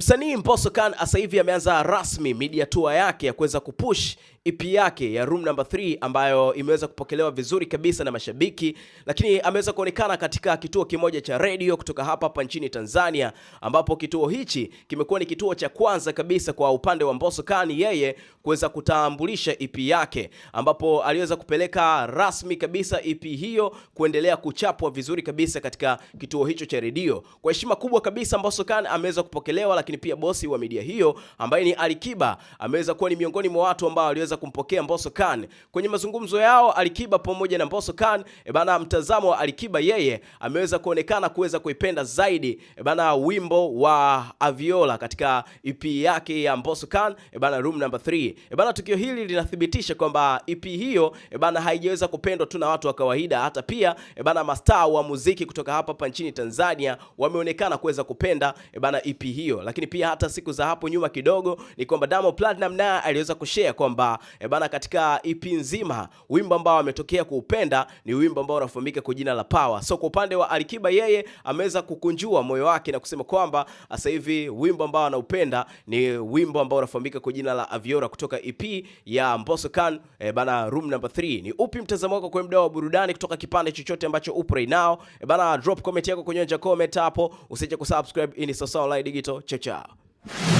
Msanii Mbosso Khan sasa hivi ameanza rasmi media tour yake ya kuweza kupush EP yake ya Room Number 3 ambayo imeweza kupokelewa vizuri kabisa na mashabiki, lakini ameweza kuonekana katika kituo kimoja cha redio kutoka hapa hapa nchini Tanzania, ambapo kituo hichi kimekuwa ni kituo cha kwanza kabisa kwa upande wa Mbosso Khan yeye kuweza kutambulisha EP yake, ambapo aliweza kupeleka rasmi kabisa EP hiyo kuendelea kuchapwa vizuri kabisa katika kituo hicho cha redio. Kwa heshima kubwa kabisa Mbosso Khan ameweza kupokelewa lakini pia bosi wa media hiyo ambaye ni Alikiba ameweza kuwa ni miongoni mwa watu ambao waliweza kumpokea Mbosso Khan. Kwenye mazungumzo yao Alikiba pamoja na Mbosso Khan, e bana, mtazamo wa Alikiba yeye ameweza kuonekana kuweza kuipenda zaidi e bana, wimbo wa Aviola katika EP yake ya Mbosso Khan e bana, Room number 3. E bana, tukio hili linathibitisha kwamba EP hiyo e bana, haijaweza kupendwa tu na watu wa kawaida, hata pia e bana, mastaa wa muziki kutoka hapa hapa nchini Tanzania wameonekana kuweza kupenda e bana, EP hiyo lakini lakini pia hata siku za hapo nyuma kidogo ni kwamba Diamond Platinum naye aliweza kushare kwamba e bana, katika EP nzima wimbo ambao ametokea kuupenda ni wimbo ambao unafahamika kwa jina la Power. So kwa upande wa Alikiba, yeye ameweza kukunjua moyo wake na kusema kwamba ah, sasa hivi wimbo ambao anaupenda ni wimbo ambao unafahamika kwa jina la Aviora kutoka EP ya Mbosso Khan e bana, Room number 3. Ni upi mtazamo wako kwa mdao wa burudani kutoka kipande chochote ambacho upo right now? E bana, drop comment yako kwenye comment hapo, usije kusubscribe. Hii ni Sawasawa Online Digital. Chao Tchau.